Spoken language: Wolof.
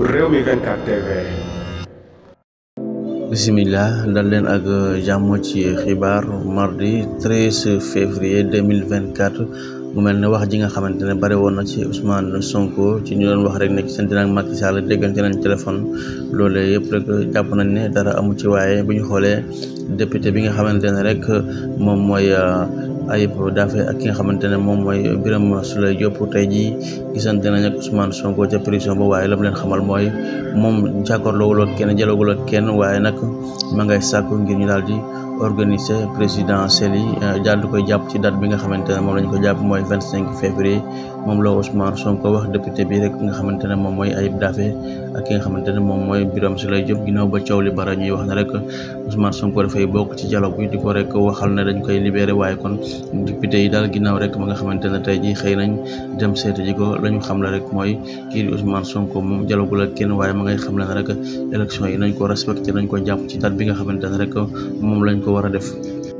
Rewmi 24 dal leen ak jàmm ci xibaar mardi 13 février 2024 mu mel ne wax ji nga xamante ne bari woon na ci Ousmane Sonko ci ñu doon wax rek ne ci seen dinaag Macky Sall déggante nañ téléphone loolee yëpp rek jàpp nañ ne dara amu ci waaye bu ñu xoolee député bi nga xamante ne rek moom mooy. Ayib Daffé ak ki nga xamante ne moom mooy Birame Souleye Diop tey jii gisante nañ ak Ousmane Sonko ca prison ba waaye lam leen xamal mooy moom jàkkaarloowul ak kenn jëlagul ak kenn waaye nag ma ngay sàkku ngir ñu daal di organisé présidentielle yi daal di koy jàpp ci date bi nga xamante ne moom lañ ko jàpp mooy vingt cinq février moom la Ousmane Sonko wax député bi rek nga xamante ne moom mooy Ayib Daffé ak ki nga xamante ne moom mooy biram Birame Souleye Diop ginaaw ba coow li bara ñuy wax ne rek Ousmane Sonko dafay bokk ci dialogue bi di ko rek waxal ne dañ koy libéré waaye kon député yi daal ginnaaw rek ma nga xamante ne tey ji xëy nañ dem seeti ji ko la ñu xam la rek mooy kii di Ousmane Sonko moom dialogue la kenn waaye ma ngay xam la ne rek élection yi nañ ko respecté nañ ko jàpp ci date bi nga xamante ne rek moom lañ ko war a def